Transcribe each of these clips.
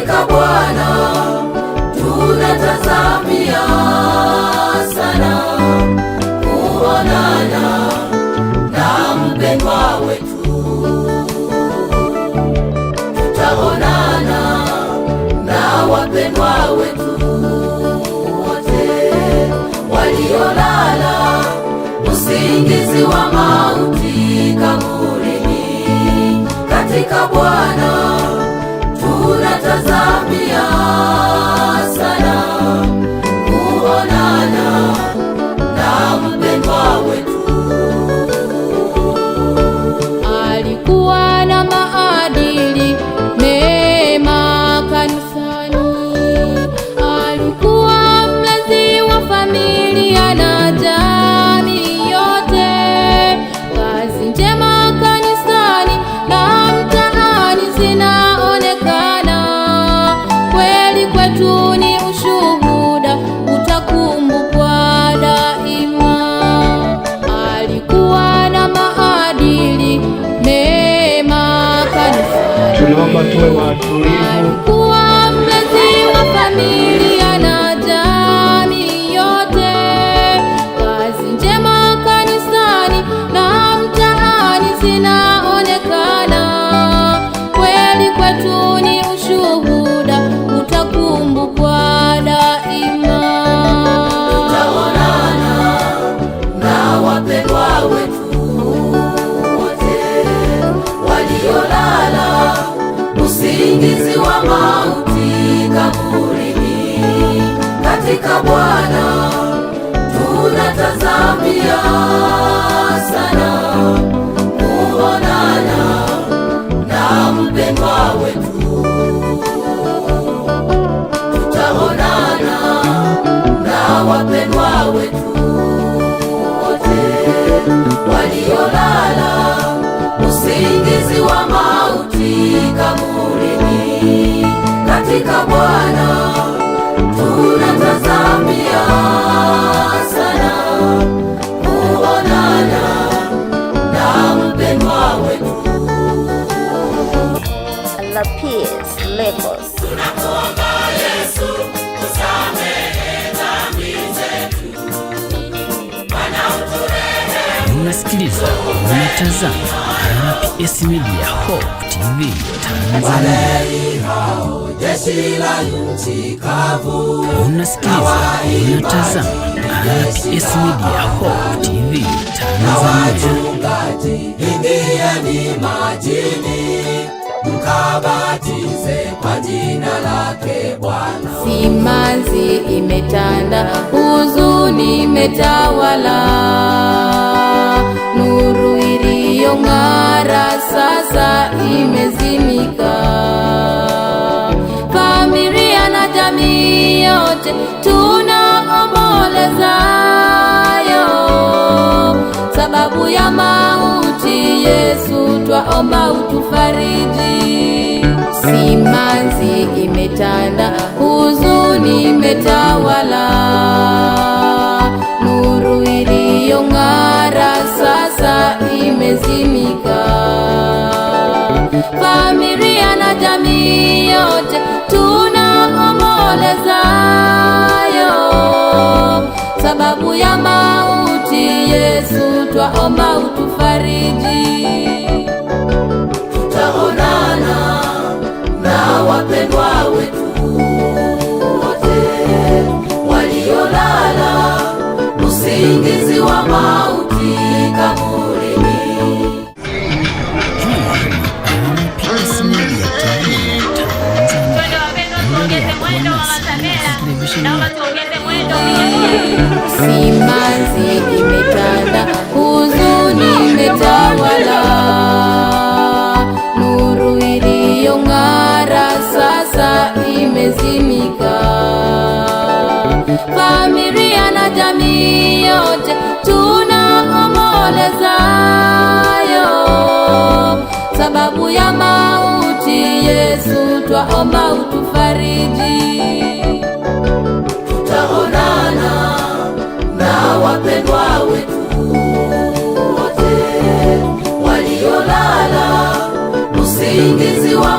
katika Bwana tunatazamia sana kuonana na mpendwa wetu, tutaonana na wapendwa wetu wote waliolala usingizi wa mauti kaburini katika Bwana Naomba tuwe watulivu, kuwa mlezi wa familia na jamii yote, kazi njema kanisani na mtaani zinaonekana. Kweli kwetu ni ushuhuda, utakumbukwa daima. Utaonana na wapenzi katika Bwana tunatazamia sana kuonana na mpendwa wetu, tutaonana na wapendwa wetu wote waliolala usingizi wa mauti kaburini katika Bwana Churches Lagos. Tunakuomba Yesu usamehe Unasikiliza, unatazama RPS Media Hope TV Tanzania. Unasikiliza, unatazama RPS Media Hope TV Tanzania. ni majini tukabatize kwa jina lake Bwana. Simanzi imetanda, huzuni imetawala, nuru iliyong'ara sasa imezimika. Familia na jamii yote tunaomba utufariji. Simanzi imetanda, huzuni imetawala, nuru iliyong'ara sasa imezimika. Familia na jamii yote tunaomboleza sababu ya mauti Yesu, twaomba utufariji. wa mauti kaburini. Mwendo wa matambela, naomba tuongeze mwendo. familia na jamii yote tunaombolezayo, sababu ya mauti Yesu, twaomba utufariji. Tutaonana na wapendwa wetu wote waliolala usingizi wa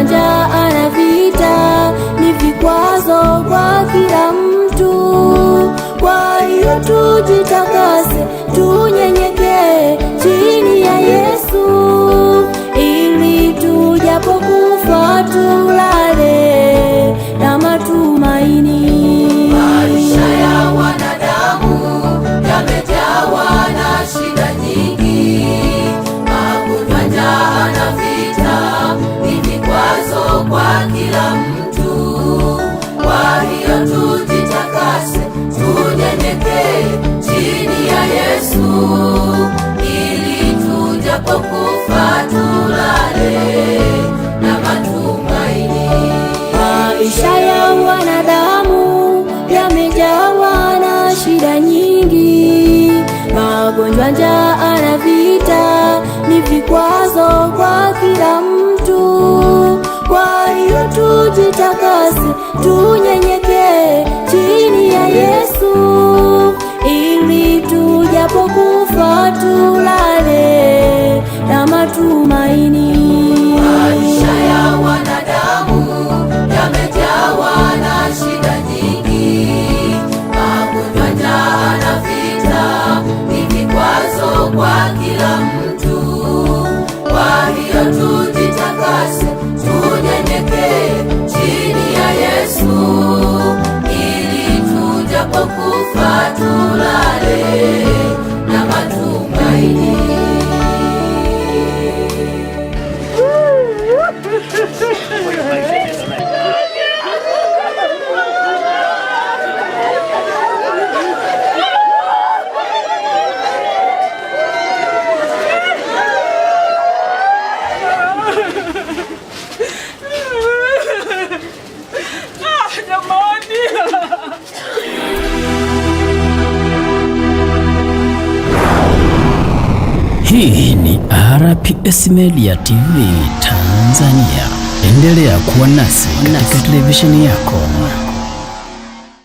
na njaa na vita ni vikwazo kwa kila mtu. Kwa hiyo tujitakase, tunyenyekee chini ya Yesu ili tujapokufa tulale magonjwa, njaa na vita ni vikwazo kwa kila mtu. Kwa hiyo tujitakase, tunyenyekee chini ya Yesu ili tujapokufa tu Msongamane na matumaini. Ah, Hii ni RPS Media TV Tanzania. Endelea kuwa nasi katika televisheni yako.